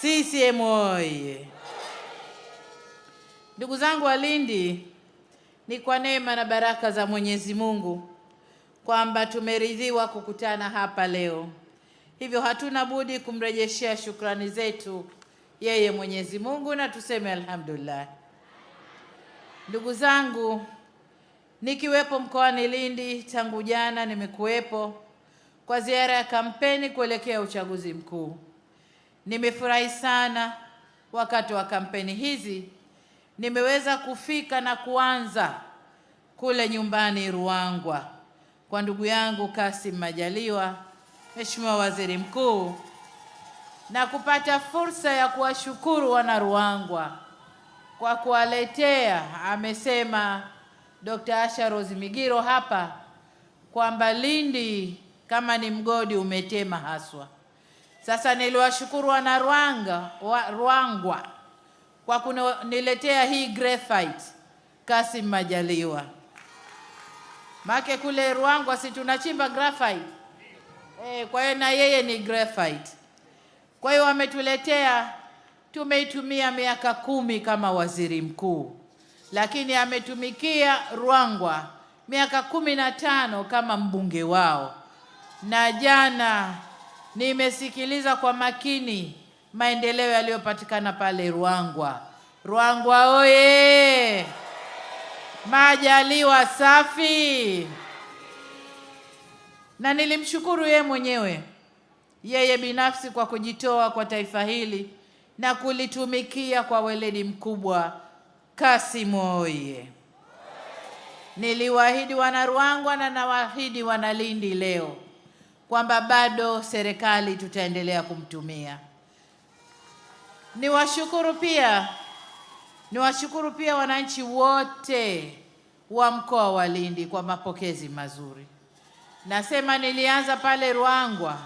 CCM oye! Ndugu zangu Walindi, ni kwa neema na baraka za Mwenyezi Mungu kwamba tumeridhiwa kukutana hapa leo, hivyo hatuna budi kumrejeshea shukrani zetu yeye Mwenyezi Mungu na tuseme alhamdulillah. Ndugu zangu, nikiwepo mkoani Lindi tangu jana, nimekuwepo kwa ziara ya kampeni kuelekea uchaguzi mkuu. Nimefurahi sana wakati wa kampeni hizi nimeweza kufika na kuanza kule nyumbani Ruangwa kwa ndugu yangu Kasim Majaliwa, Mheshimiwa Waziri Mkuu, na kupata fursa ya kuwashukuru wana Ruangwa kwa kuwaletea, amesema Dr. Asha Rose Migiro hapa kwamba Lindi kama ni mgodi umetema haswa sasa niliwashukuru wana Rwanga, wa, Rwangwa kwa kuniletea hii graphite Kasim Majaliwa. Make kule Rwangwa si tunachimba graphite? E, kwa hiyo na yeye ni graphite. Kwa hiyo ametuletea, tumeitumia miaka kumi kama waziri mkuu, lakini ametumikia Rwangwa miaka kumi na tano kama mbunge wao na jana Nimesikiliza kwa makini maendeleo yaliyopatikana pale Ruangwa. Ruangwa oye! Majaliwa safi! Na nilimshukuru yeye mwenyewe, yeye binafsi kwa kujitoa kwa taifa hili na kulitumikia kwa weledi mkubwa. Kasimu oye! Niliwaahidi wana Ruangwa na nawaahidi wana Lindi leo kwamba bado serikali tutaendelea kumtumia. Niwashukuru pia niwashukuru pia wananchi wote wa mkoa wa Lindi kwa mapokezi mazuri. Nasema nilianza pale Ruangwa,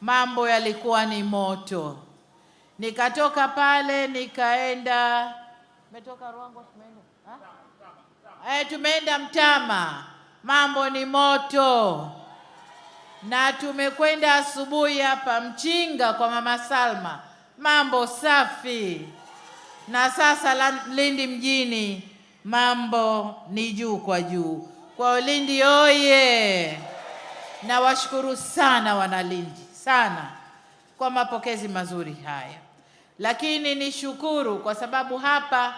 mambo yalikuwa ni moto, nikatoka pale nikaenda metoka Ruangwa tumeenda eh, tumeenda Mtama, mambo ni moto na tumekwenda asubuhi hapa Mchinga kwa Mama Salma, mambo safi, na sasa Lindi mjini mambo ni juu kwa juu. Kwa Lindi oye! Nawashukuru sana Wanalindi sana kwa mapokezi mazuri haya, lakini nishukuru kwa sababu hapa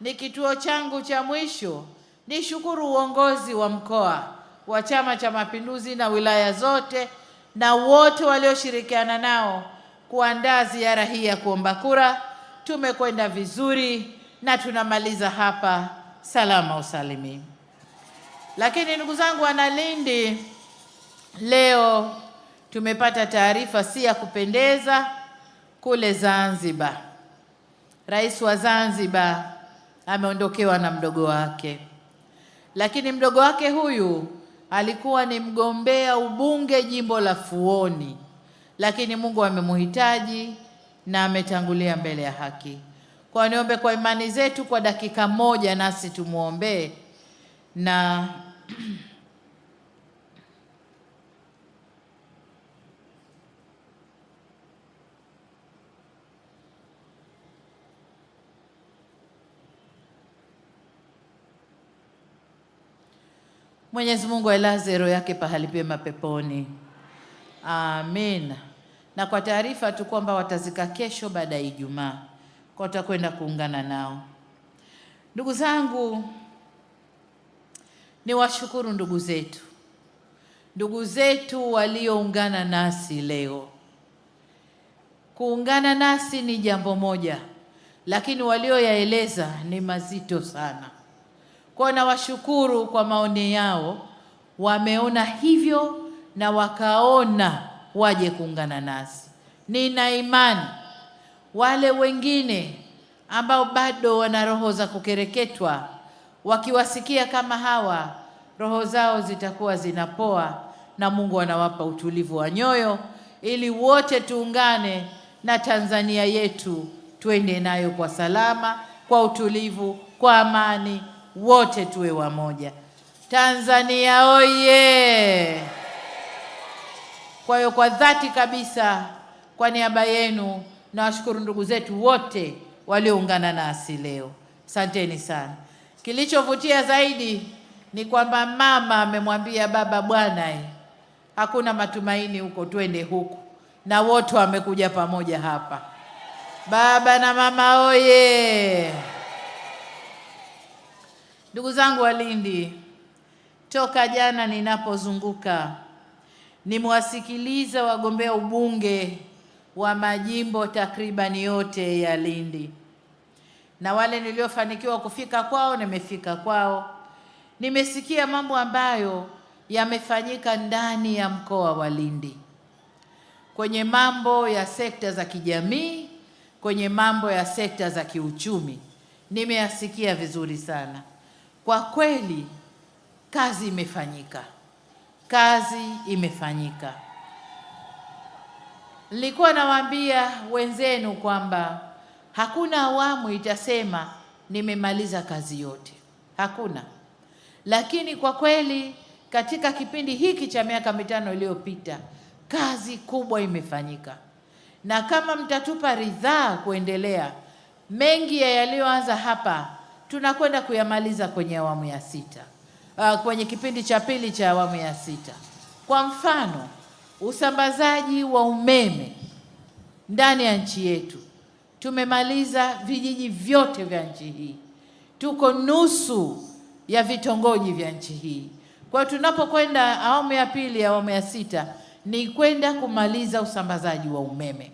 ni kituo changu cha mwisho. Nishukuru uongozi wa mkoa wa Chama cha Mapinduzi na wilaya zote na wote walioshirikiana nao kuandaa ziara hii ya kuomba kura. Tumekwenda vizuri na tunamaliza hapa salama usalimi. Lakini ndugu zangu wanalindi, leo tumepata taarifa si ya kupendeza kule Zanzibar. Rais wa Zanzibar ameondokewa na mdogo wake, lakini mdogo wake huyu alikuwa ni mgombea ubunge jimbo la Fuoni, lakini Mungu amemhitaji na ametangulia mbele ya haki. Kwa niombe kwa imani zetu kwa dakika moja, nasi tumwombee na Mwenyezi Mungu ailaze roho yake pahali pema peponi. Amin. Na kwa taarifa tu kwamba watazika kesho baada ya Ijumaa, kwa tutakwenda kuungana nao. Ndugu zangu, ni washukuru ndugu zetu, ndugu zetu walioungana nasi leo. Kuungana nasi ni jambo moja, lakini walioyaeleza ni mazito sana. Kwa nawashukuru kwa maoni yao, wameona hivyo na wakaona waje kuungana nasi. Nina imani wale wengine ambao bado wana roho za kukereketwa, wakiwasikia kama hawa, roho zao zitakuwa zinapoa na Mungu anawapa utulivu wa nyoyo, ili wote tuungane na Tanzania yetu, twende nayo kwa salama, kwa utulivu, kwa amani wote tuwe wamoja. Tanzania oye! Kwa hiyo kwa dhati kabisa, kwa niaba yenu nawashukuru ndugu zetu wote walioungana nasi leo, asanteni sana. Kilichovutia zaidi ni kwamba mama amemwambia baba, bwana, eh, hakuna matumaini huko, twende huku, na wote wamekuja pamoja hapa. Baba na mama oye! Ndugu zangu Walindi, toka jana ninapozunguka nimewasikiliza wagombea ubunge wa majimbo takribani yote ya Lindi, na wale niliofanikiwa kufika kwao nimefika kwao. Nimesikia mambo ambayo yamefanyika ndani ya mkoa wa Lindi kwenye mambo ya sekta za kijamii, kwenye mambo ya sekta za kiuchumi, nimeyasikia vizuri sana. Kwa kweli kazi imefanyika, kazi imefanyika. Nilikuwa nawaambia wenzenu kwamba hakuna awamu itasema nimemaliza kazi yote, hakuna. Lakini kwa kweli katika kipindi hiki cha miaka mitano iliyopita kazi kubwa imefanyika, na kama mtatupa ridhaa kuendelea, mengi ya yaliyoanza hapa tunakwenda kuyamaliza kwenye awamu ya sita, uh, kwenye kipindi cha pili cha awamu ya sita. Kwa mfano, usambazaji wa umeme ndani ya nchi yetu tumemaliza vijiji vyote vya nchi hii, tuko nusu ya vitongoji vya nchi hii. Kwa hiyo tunapokwenda awamu ya pili, awamu ya sita ni kwenda kumaliza usambazaji wa umeme.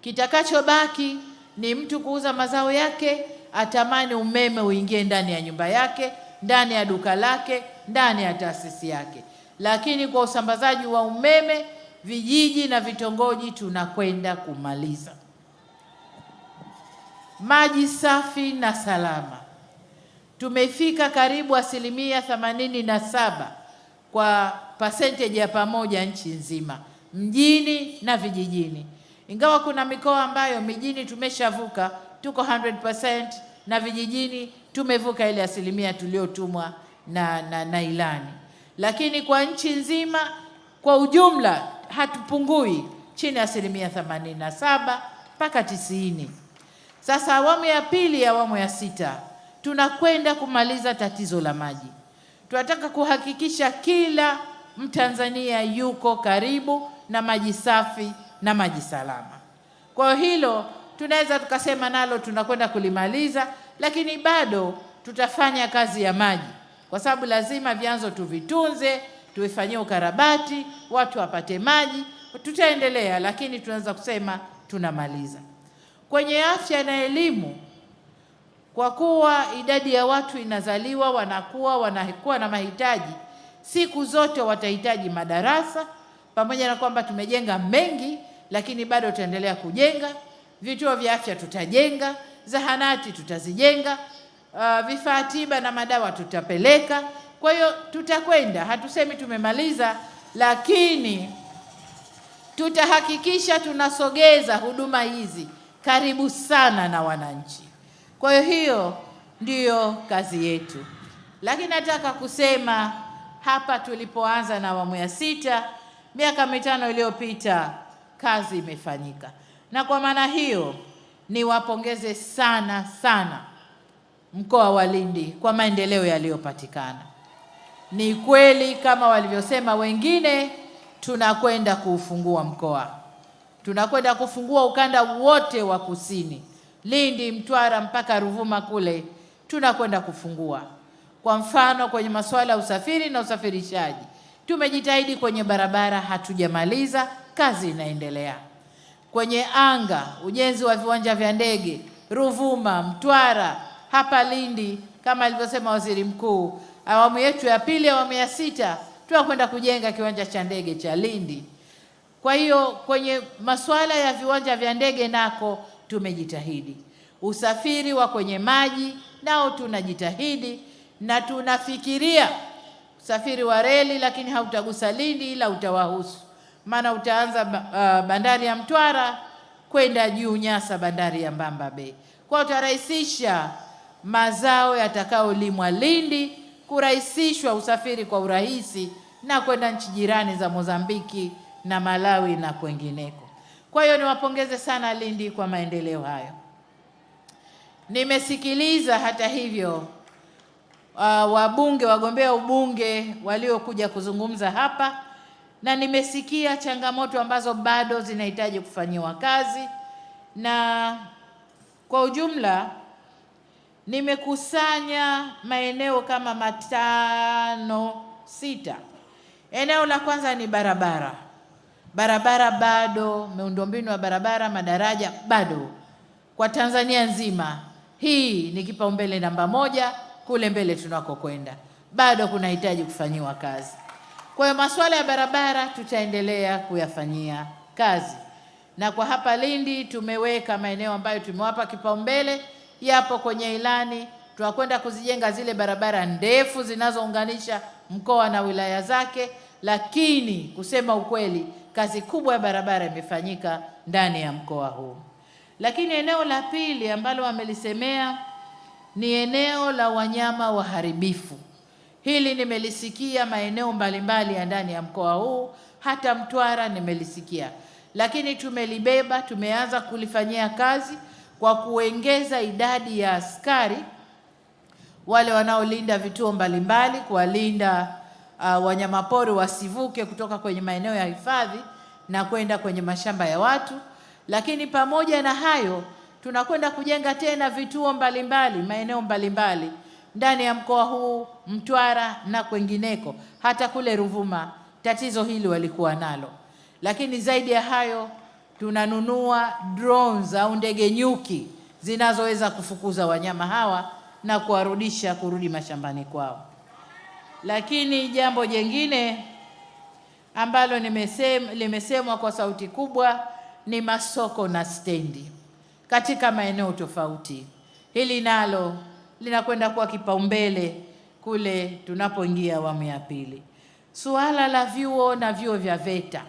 Kitakachobaki ni mtu kuuza mazao yake atamani umeme uingie ndani ya nyumba yake, ndani ya duka lake, ndani ya taasisi yake. Lakini kwa usambazaji wa umeme vijiji na vitongoji tunakwenda kumaliza. Maji safi na salama, tumefika karibu asilimia themanini na saba kwa percentage ya pamoja nchi nzima, mjini na vijijini, ingawa kuna mikoa ambayo mijini tumeshavuka tuko 100% na vijijini tumevuka ile asilimia tuliotumwa na, na, na ilani, lakini kwa nchi nzima kwa ujumla hatupungui chini ya asilimia 87 mpaka 90. Sasa awamu ya pili ya awamu ya sita tunakwenda kumaliza tatizo la maji. Tunataka kuhakikisha kila Mtanzania yuko karibu na maji safi na maji salama. Kwa hilo tunaweza tukasema nalo tunakwenda kulimaliza, lakini bado tutafanya kazi ya maji, kwa sababu lazima vyanzo tuvitunze, tuifanyie ukarabati, watu wapate maji. Tutaendelea, lakini tunaweza kusema tunamaliza. Kwenye afya na elimu, kwa kuwa idadi ya watu inazaliwa, wanakuwa wanakuwa na mahitaji, siku zote watahitaji madarasa, pamoja na kwamba tumejenga mengi, lakini bado tutaendelea kujenga Vituo vya afya tutajenga, zahanati tutazijenga, uh, vifaa tiba na madawa tutapeleka. Kwa hiyo tutakwenda, hatusemi tumemaliza, lakini tutahakikisha tunasogeza huduma hizi karibu sana na wananchi. Kwa hiyo hiyo ndiyo kazi yetu, lakini nataka kusema hapa tulipoanza na awamu ya sita miaka mitano iliyopita, kazi imefanyika. Na kwa maana hiyo niwapongeze sana sana mkoa wa Lindi kwa maendeleo yaliyopatikana. Ni kweli kama walivyosema wengine, tunakwenda kuufungua mkoa, tunakwenda kufungua ukanda wote wa kusini, Lindi, Mtwara mpaka Ruvuma kule, tunakwenda kufungua. Kwa mfano, kwenye masuala ya usafiri na usafirishaji tumejitahidi kwenye barabara, hatujamaliza, kazi inaendelea kwenye anga, ujenzi wa viwanja vya ndege Ruvuma, Mtwara, hapa Lindi. Kama alivyosema waziri mkuu, awamu yetu ya pili, awamu ya sita, tunakwenda kujenga kiwanja cha ndege cha Lindi. Kwa hiyo kwenye masuala ya viwanja vya ndege nako tumejitahidi. Usafiri wa kwenye maji nao tunajitahidi, na tunafikiria usafiri wa reli, lakini hautagusa Lindi ila utawahusu maana utaanza uh, bandari ya Mtwara kwenda juu Nyasa, bandari ya Mbamba Bay. Kwa utarahisisha mazao yatakayolimwa Lindi, kurahisishwa usafiri kwa urahisi na kwenda nchi jirani za Mozambiki na Malawi na kwengineko. Kwa hiyo niwapongeze sana Lindi kwa maendeleo hayo. Nimesikiliza hata hivyo uh, wabunge wagombea ubunge waliokuja kuzungumza hapa na nimesikia changamoto ambazo bado zinahitaji kufanyiwa kazi, na kwa ujumla nimekusanya maeneo kama matano sita. Eneo la kwanza ni barabara. Barabara bado, miundombinu ya barabara, madaraja bado, kwa Tanzania nzima hii ni kipaumbele namba moja kule mbele tunakokwenda, bado kunahitaji kufanyiwa kazi. Kwa hiyo masuala ya barabara tutaendelea kuyafanyia kazi, na kwa hapa Lindi tumeweka maeneo ambayo tumewapa kipaumbele, yapo kwenye ilani. Tunakwenda kuzijenga zile barabara ndefu zinazounganisha mkoa na wilaya zake, lakini kusema ukweli, kazi kubwa ya barabara imefanyika ndani ya mkoa huu. Lakini eneo la pili ambalo wamelisemea ni eneo la wanyama waharibifu. Hili nimelisikia maeneo mbalimbali ya ndani ya mkoa huu, hata Mtwara nimelisikia, lakini tumelibeba, tumeanza kulifanyia kazi kwa kuongeza idadi ya askari wale wanaolinda vituo mbalimbali, kuwalinda uh, wanyamapori wasivuke kutoka kwenye maeneo ya hifadhi na kwenda kwenye mashamba ya watu. Lakini pamoja na hayo, tunakwenda kujenga tena vituo mbalimbali maeneo mbalimbali ndani ya mkoa huu Mtwara na kwengineko, hata kule Ruvuma tatizo hili walikuwa nalo. Lakini zaidi ya hayo, tunanunua drones au ndege nyuki zinazoweza kufukuza wanyama hawa na kuwarudisha kurudi mashambani kwao. Lakini jambo jengine ambalo nimesema limesemwa kwa sauti kubwa ni masoko na stendi katika maeneo tofauti. Hili nalo linakwenda kuwa kipaumbele kule tunapoingia awamu ya pili. Suala la vyuo na vyuo vya VETA,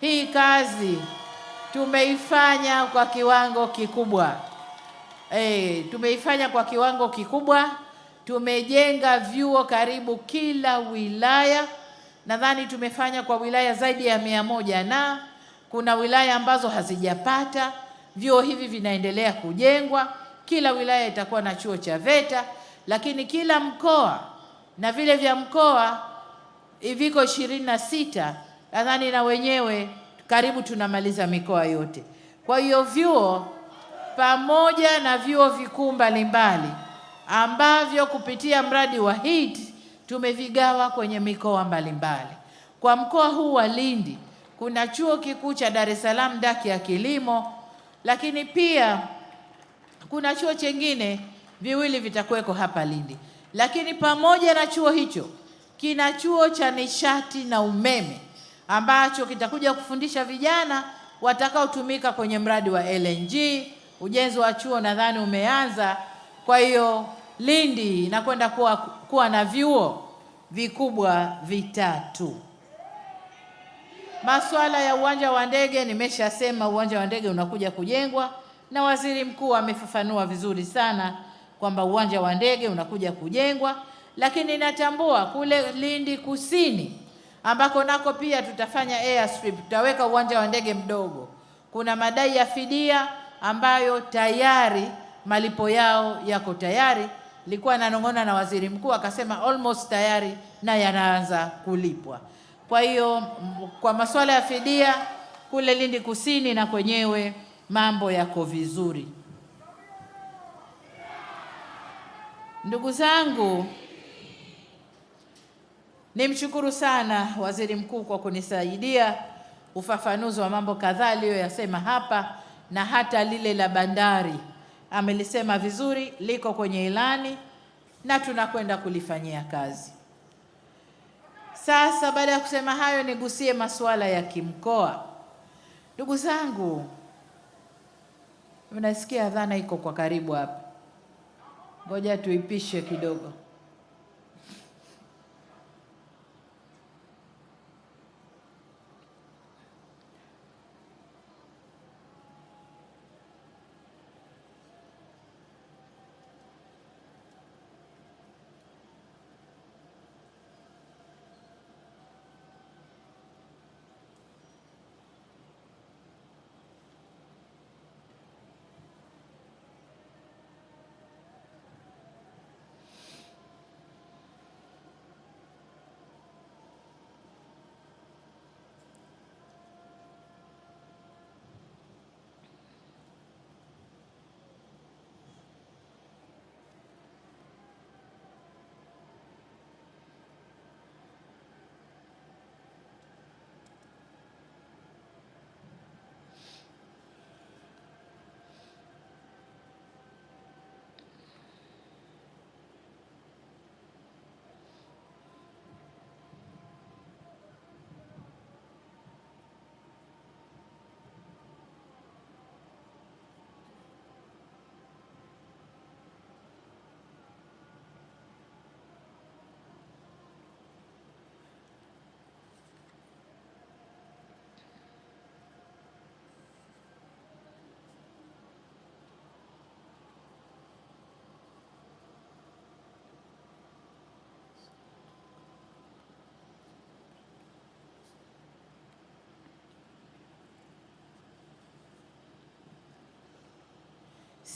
hii kazi tumeifanya kwa kiwango kikubwa e, tumeifanya kwa kiwango kikubwa. Tumejenga vyuo karibu kila wilaya, nadhani tumefanya kwa wilaya zaidi ya mia moja na kuna wilaya ambazo hazijapata vyuo hivi, vinaendelea kujengwa. Kila wilaya itakuwa na chuo cha VETA, lakini kila mkoa na vile vya mkoa viko ishirini na sita nadhani, na wenyewe karibu tunamaliza mikoa yote. Kwa hiyo vyuo pamoja na vyuo vikuu mbalimbali ambavyo kupitia mradi wa HEET tumevigawa kwenye mikoa mbalimbali. Kwa mkoa huu wa Lindi kuna chuo kikuu cha Dar es Salaam, Daki ya Kilimo, lakini pia kuna chuo chengine viwili vitakuweko hapa Lindi, lakini pamoja na chuo hicho kina chuo cha nishati na umeme ambacho kitakuja kufundisha vijana watakaotumika kwenye mradi wa LNG. Ujenzi wa chuo nadhani umeanza, kwa hiyo Lindi inakwenda kuwa, kuwa na vyuo vikubwa vitatu. Masuala ya uwanja wa ndege nimeshasema, uwanja wa ndege unakuja kujengwa na waziri mkuu amefafanua vizuri sana kwamba uwanja wa ndege unakuja kujengwa, lakini natambua kule Lindi Kusini ambako nako pia tutafanya airstrip, tutaweka uwanja wa ndege mdogo. Kuna madai ya fidia ambayo tayari malipo yao yako tayari. likuwa nanong'ona na waziri mkuu akasema almost tayari na yanaanza kulipwa. Kwa hiyo kwa masuala ya fidia kule Lindi Kusini na kwenyewe mambo yako vizuri. Ndugu zangu, nimshukuru sana Waziri Mkuu kwa kunisaidia ufafanuzi wa mambo kadhaa aliyoyasema hapa na hata lile la bandari amelisema vizuri, liko kwenye ilani na tunakwenda kulifanyia kazi. Sasa baada ya kusema hayo, nigusie masuala ya kimkoa. Ndugu zangu, Mnasikia adhana iko kwa karibu hapa, ngoja tuipishe kidogo.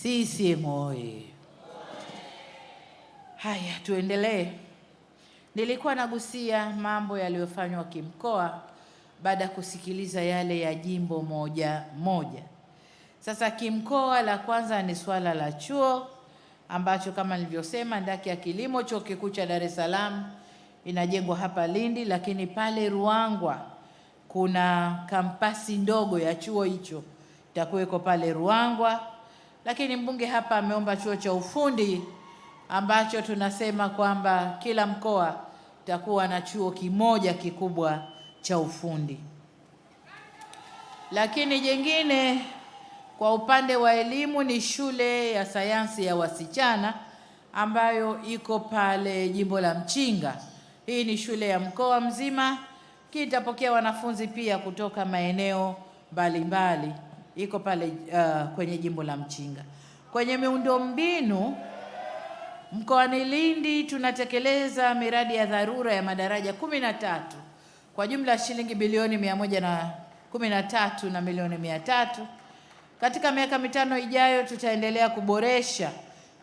CCM oye! Haya, tuendelee. Nilikuwa nagusia mambo yaliyofanywa kimkoa baada ya kusikiliza yale ya jimbo moja moja. Sasa kimkoa, la kwanza ni swala la chuo ambacho kama nilivyosema, ndaki ya kilimo, chuo kikuu cha Dar es Salaam inajengwa hapa Lindi, lakini pale Ruangwa kuna kampasi ndogo ya chuo hicho itakuweko pale Ruangwa lakini mbunge hapa ameomba chuo cha ufundi ambacho tunasema kwamba kila mkoa utakuwa na chuo kimoja kikubwa cha ufundi. Lakini jengine kwa upande wa elimu ni shule ya sayansi ya wasichana ambayo iko pale jimbo la Mchinga. Hii ni shule ya mkoa mzima, kitapokea wanafunzi pia kutoka maeneo mbalimbali mbali iko pale uh, kwenye jimbo la Mchinga. Kwenye miundombinu mkoani Lindi tunatekeleza miradi ya dharura ya madaraja kumi na tatu kwa jumla ya shilingi bilioni mia moja na kumi na tatu na milioni mia tatu. Katika miaka mitano ijayo tutaendelea kuboresha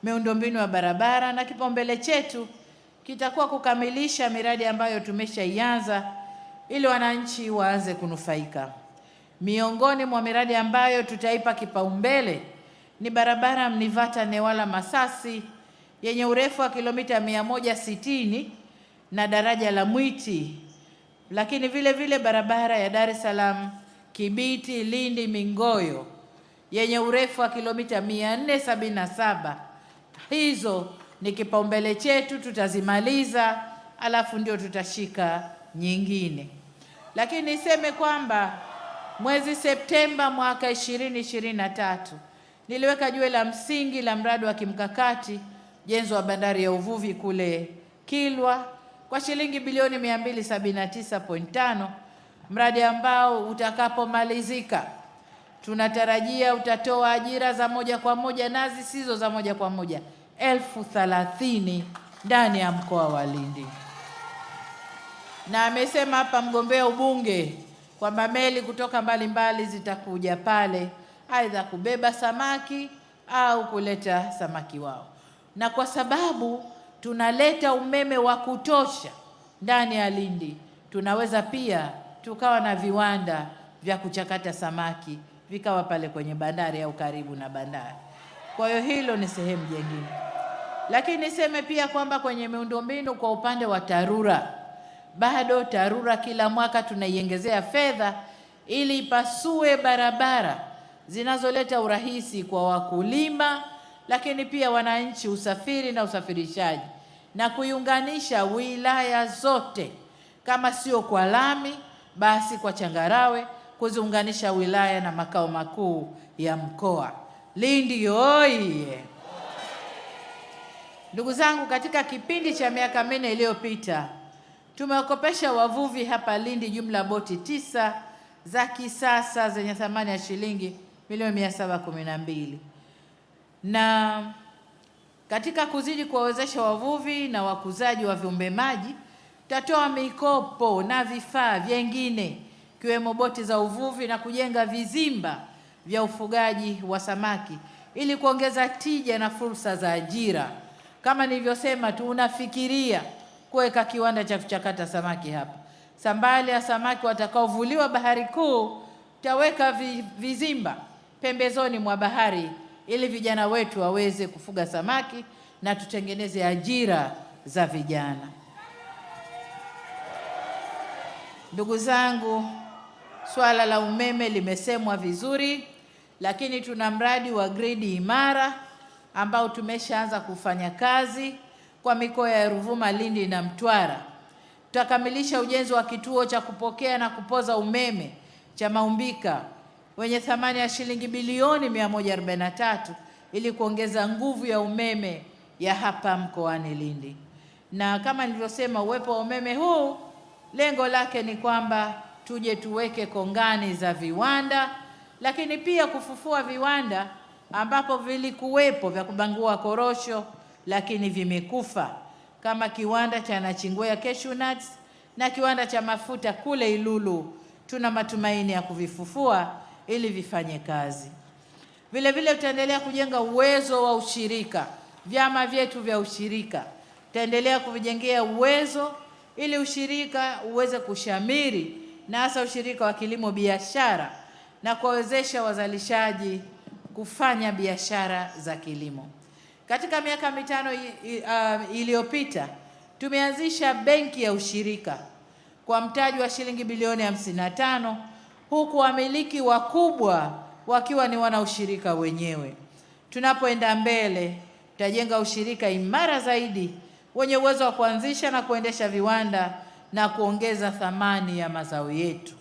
miundombinu ya barabara na kipaumbele chetu kitakuwa kukamilisha miradi ambayo tumeshaianza ili wananchi waanze kunufaika. Miongoni mwa miradi ambayo tutaipa kipaumbele ni barabara Mnivata Newala Masasi yenye urefu wa kilomita 160 na daraja la Mwiti, lakini vile vile barabara ya Dar es Salaam Kibiti Lindi Mingoyo yenye urefu wa kilomita 477. Hizo ni kipaumbele chetu, tutazimaliza alafu ndio tutashika nyingine, lakini niseme kwamba Mwezi Septemba mwaka 2023 niliweka jiwe la msingi la mradi wa kimkakati jenzo wa bandari ya uvuvi kule Kilwa kwa shilingi bilioni 279.5, mradi ambao utakapomalizika tunatarajia utatoa ajira za moja kwa moja na zisizo za moja kwa moja elfu thalathini ndani ya mkoa wa Lindi. Na amesema hapa mgombea ubunge kwamba meli kutoka mbalimbali zitakuja pale, aidha kubeba samaki au kuleta samaki wao, na kwa sababu tunaleta umeme wa kutosha ndani ya Lindi, tunaweza pia tukawa na viwanda vya kuchakata samaki vikawa pale kwenye bandari au karibu na bandari. Kwa hiyo hilo ni sehemu jingine lakini niseme pia kwamba kwenye miundombinu kwa upande wa TARURA bado TARURA kila mwaka tunaiongezea fedha ili ipasue barabara zinazoleta urahisi kwa wakulima, lakini pia wananchi, usafiri na usafirishaji, na kuiunganisha wilaya zote, kama sio kwa lami, basi kwa changarawe, kuziunganisha wilaya na makao makuu ya mkoa. Lindi oye! Ndugu zangu, katika kipindi cha miaka minne iliyopita Tumewakopesha wavuvi hapa Lindi jumla boti tisa za kisasa zenye thamani ya shilingi milioni 712 na katika kuzidi kuwawezesha wavuvi na wakuzaji wa viumbe maji tutatoa mikopo na vifaa vyengine ikiwemo boti za uvuvi na kujenga vizimba vya ufugaji wa samaki ili kuongeza tija na fursa za ajira. Kama nilivyosema, tunafikiria kuweka kiwanda cha kuchakata samaki hapa. sambali ya samaki watakaovuliwa Bahari Kuu, tutaweka vizimba pembezoni mwa bahari ili vijana wetu waweze kufuga samaki na tutengeneze ajira za vijana. Ndugu zangu, swala la umeme limesemwa vizuri, lakini tuna mradi wa gridi imara ambao tumeshaanza kufanya kazi kwa mikoa ya Ruvuma, Lindi na Mtwara. Tutakamilisha ujenzi wa kituo cha kupokea na kupoza umeme cha Maumbika wenye thamani ya shilingi bilioni 143 ili kuongeza nguvu ya umeme ya hapa mkoani Lindi. Na kama nilivyosema, uwepo wa umeme huu lengo lake ni kwamba tuje tuweke kongani za viwanda, lakini pia kufufua viwanda ambapo vilikuwepo vya kubangua korosho lakini vimekufa kama kiwanda cha Nachingwea Cashew Nuts na kiwanda cha mafuta kule Ilulu. Tuna matumaini ya kuvifufua ili vifanye kazi. Vile vile tutaendelea kujenga uwezo wa ushirika, vyama vyetu vya ushirika tutaendelea kuvijengea uwezo ili ushirika uweze kushamiri na hasa ushirika wa kilimo biashara na kuwawezesha wazalishaji kufanya biashara za kilimo. Katika miaka mitano uh, iliyopita tumeanzisha benki ya ushirika kwa mtaji wa shilingi bilioni 55 huku wamiliki wakubwa wakiwa ni wana ushirika wenyewe. Tunapoenda mbele, tutajenga ushirika imara zaidi wenye uwezo wa kuanzisha na kuendesha viwanda na kuongeza thamani ya mazao yetu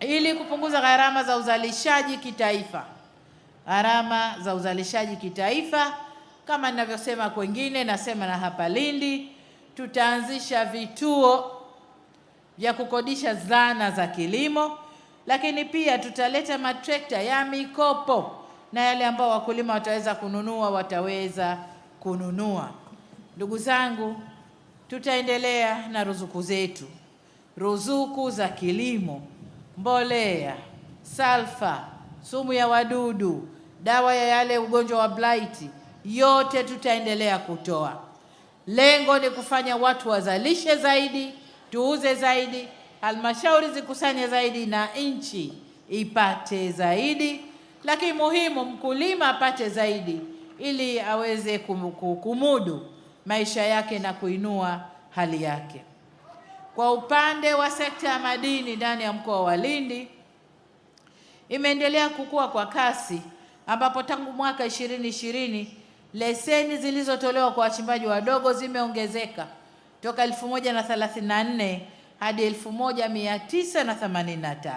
ili kupunguza gharama za uzalishaji kitaifa gharama za uzalishaji kitaifa. Kama ninavyosema kwengine, nasema na hapa Lindi, tutaanzisha vituo vya kukodisha zana za kilimo, lakini pia tutaleta matrekta ya mikopo na yale ambao wakulima wataweza kununua wataweza kununua. Ndugu zangu, tutaendelea na ruzuku zetu, ruzuku za kilimo, mbolea, salfa sumu ya wadudu, dawa ya yale ugonjwa wa blight, yote tutaendelea kutoa. Lengo ni kufanya watu wazalishe zaidi, tuuze zaidi, halmashauri zikusanye zaidi na nchi ipate zaidi, lakini muhimu mkulima apate zaidi ili aweze kumudu maisha yake na kuinua hali yake. Kwa upande wa sekta ya madini ndani ya mkoa wa Lindi imeendelea kukua kwa kasi ambapo tangu mwaka ishirini ishirini leseni zilizotolewa kwa wachimbaji wadogo zimeongezeka toka 1034 hadi 1983.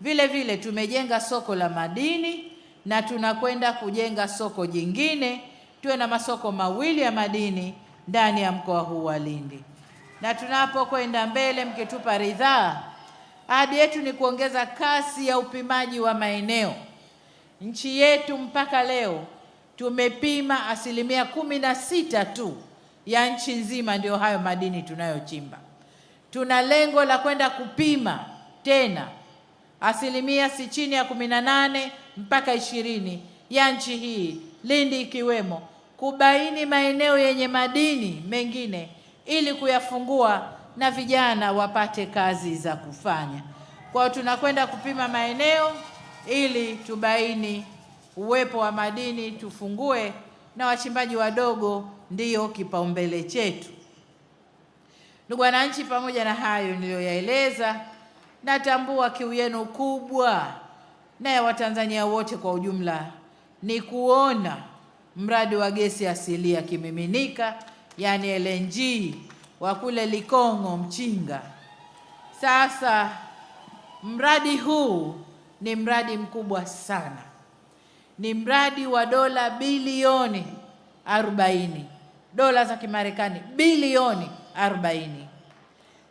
Vile vile tumejenga soko la madini na tunakwenda kujenga soko jingine, tuwe na masoko mawili ya madini ndani ya mkoa huu wa Lindi. Na tunapokwenda mbele, mkitupa ridhaa Ahadi yetu ni kuongeza kasi ya upimaji wa maeneo. Nchi yetu mpaka leo tumepima asilimia kumi na sita tu ya nchi nzima, ndio hayo madini tunayochimba. Tuna lengo la kwenda kupima tena asilimia si chini ya kumi na nane mpaka ishirini ya nchi hii, Lindi ikiwemo, kubaini maeneo yenye madini mengine ili kuyafungua na vijana wapate kazi za kufanya. Kwao tunakwenda kupima maeneo ili tubaini uwepo wa madini, tufungue na wachimbaji wadogo ndiyo kipaumbele chetu. Ndugu wananchi, pamoja na hayo niliyoyaeleza, natambua kiu yenu kubwa na ya Watanzania wote kwa ujumla ni kuona mradi wa gesi asilia kimiminika, yaani LNG wa kule Likong'o Mchinga. Sasa mradi huu ni mradi mkubwa sana, ni mradi wa dola bilioni 40, dola za Kimarekani bilioni 40.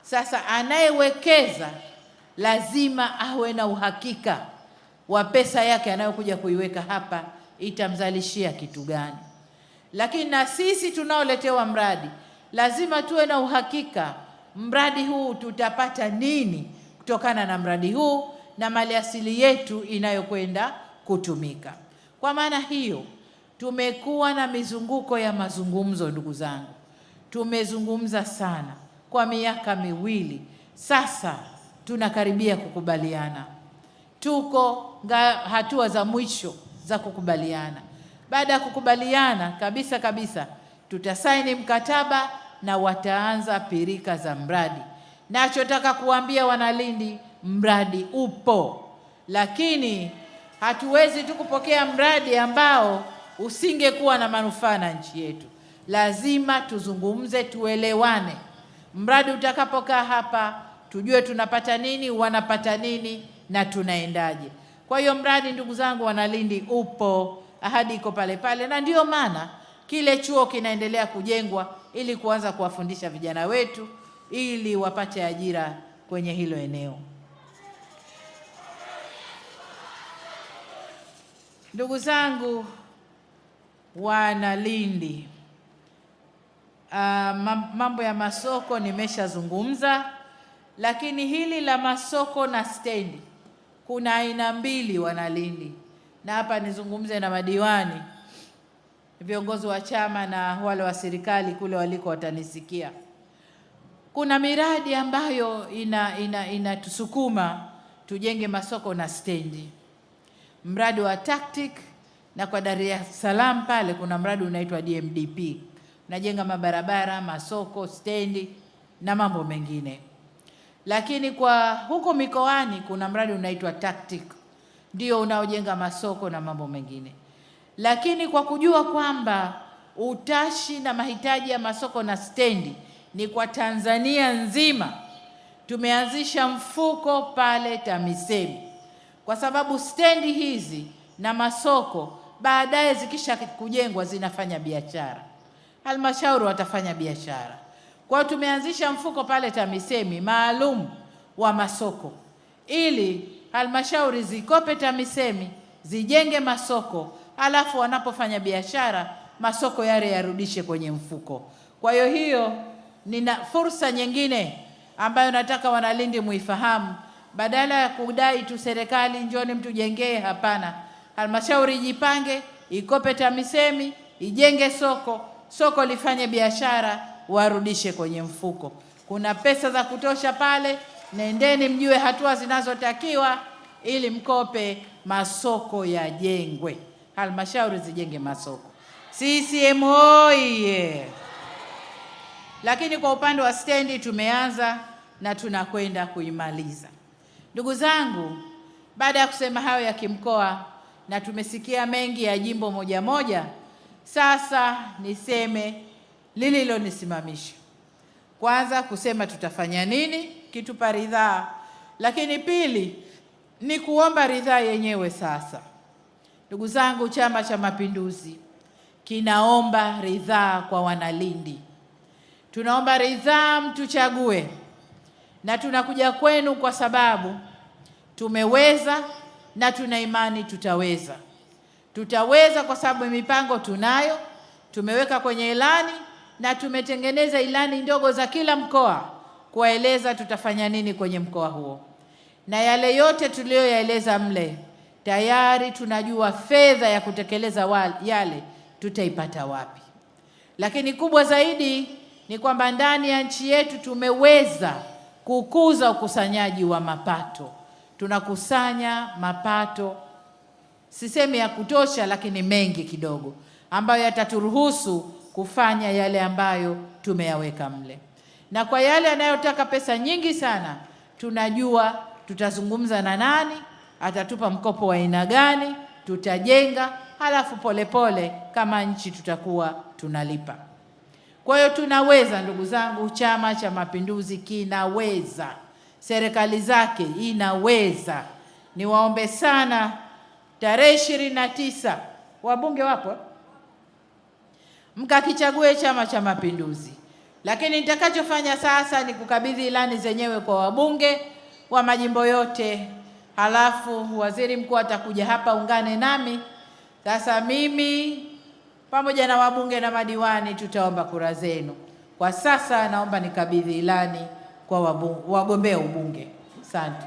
Sasa anayewekeza lazima awe na uhakika wa pesa yake anayokuja kuiweka hapa itamzalishia kitu gani, lakini na sisi tunaoletewa mradi lazima tuwe na uhakika mradi huu tutapata nini kutokana na mradi huu na maliasili yetu inayokwenda kutumika. Kwa maana hiyo, tumekuwa na mizunguko ya mazungumzo. Ndugu zangu, tumezungumza sana kwa miaka miwili sasa, tunakaribia kukubaliana, tuko hatua za mwisho za kukubaliana. Baada ya kukubaliana kabisa kabisa, tutasaini mkataba na wataanza pirika za mradi. Nachotaka kuambia Wanalindi, mradi upo, lakini hatuwezi tu kupokea mradi ambao usingekuwa na manufaa na nchi yetu. Lazima tuzungumze, tuelewane. Mradi utakapokaa hapa, tujue tunapata nini, wanapata nini na tunaendaje. Kwa hiyo mradi, ndugu zangu Wanalindi, upo, ahadi iko pale pale, na ndiyo maana kile chuo kinaendelea kujengwa ili kuanza kuwafundisha vijana wetu ili wapate ajira kwenye hilo eneo. Ndugu zangu wana Lindi, uh, ah, mambo ya masoko nimeshazungumza, lakini hili la masoko na stendi kuna aina mbili wana Lindi, na hapa nizungumze na madiwani viongozi wa chama na wale wa serikali kule waliko watanisikia. Kuna miradi ambayo inatusukuma ina, ina tujenge masoko na stendi, mradi wa tactic na kwa Dar es Salaam pale kuna mradi unaitwa DMDP, unajenga mabarabara, masoko, stendi na mambo mengine. Lakini kwa huko mikoani kuna mradi unaitwa tactic, ndio unaojenga masoko na mambo mengine lakini kwa kujua kwamba utashi na mahitaji ya masoko na stendi ni kwa Tanzania nzima, tumeanzisha mfuko pale TAMISEMI, kwa sababu stendi hizi na masoko baadaye zikisha kujengwa zinafanya biashara, halmashauri watafanya biashara. Kwa hiyo tumeanzisha mfuko pale TAMISEMI maalum wa masoko ili halmashauri zikope TAMISEMI zijenge masoko alafu wanapofanya biashara masoko yale yarudishe kwenye mfuko. Kwa hiyo hiyo nina fursa nyingine ambayo nataka wanalindi muifahamu, badala ya kudai tu serikali njoni mtujengee. Hapana, halmashauri ijipange, ikope TAMISEMI, ijenge soko, soko lifanye biashara, warudishe kwenye mfuko. Kuna pesa za kutosha pale, nendeni mjue hatua zinazotakiwa ili mkope, masoko yajengwe halmashauri zijenge masoko. CCM oye! Lakini kwa upande wa stendi tumeanza na tunakwenda kuimaliza. Ndugu zangu, baada ya kusema hayo ya kimkoa na tumesikia mengi ya jimbo moja moja, sasa niseme lililonisimamisha. Kwanza kusema tutafanya nini, kitupa ridhaa, lakini pili ni kuomba ridhaa yenyewe sasa Ndugu zangu, Chama cha Mapinduzi kinaomba ridhaa kwa Wanalindi. Tunaomba ridhaa mtuchague, na tunakuja kwenu kwa sababu tumeweza na tuna imani tutaweza. Tutaweza kwa sababu mipango tunayo, tumeweka kwenye ilani na tumetengeneza ilani ndogo za kila mkoa kuwaeleza tutafanya nini kwenye mkoa huo, na yale yote tuliyoyaeleza mle tayari tunajua fedha ya kutekeleza yale tutaipata wapi. Lakini kubwa zaidi ni kwamba ndani ya nchi yetu tumeweza kukuza ukusanyaji wa mapato. Tunakusanya mapato, sisemi ya kutosha, lakini mengi kidogo, ambayo yataturuhusu kufanya yale ambayo tumeyaweka mle, na kwa yale yanayotaka pesa nyingi sana, tunajua tutazungumza na nani atatupa mkopo wa aina gani, tutajenga, halafu polepole pole, kama nchi tutakuwa tunalipa. Kwa hiyo tunaweza, ndugu zangu, Chama cha Mapinduzi kinaweza, serikali zake inaweza. Niwaombe sana, tarehe ishirini na tisa wabunge wapo, mkakichague Chama cha Mapinduzi. Lakini nitakachofanya sasa ni kukabidhi ilani zenyewe kwa wabunge wa majimbo yote halafu waziri mkuu atakuja hapa, ungane nami sasa. Mimi pamoja na wabunge na madiwani tutaomba kura zenu. Kwa sasa naomba nikabidhi ilani kwa wagombea ubunge. Asante.